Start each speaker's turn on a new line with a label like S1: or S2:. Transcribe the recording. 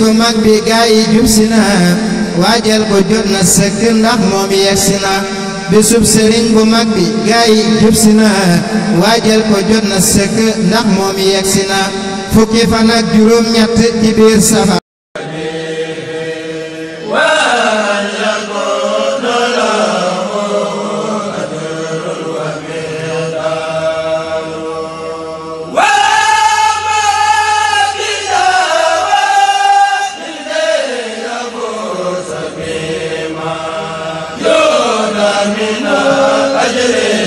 S1: bu mag bi gaa yi ko jot na sëkk ndax moom yegg si na bisub sëriñ bu mag bi gaa waajal ko jot na sëkk ndax moom yegg si na fukki fan ak juróom ñett ci biir safar
S2: آمين أجري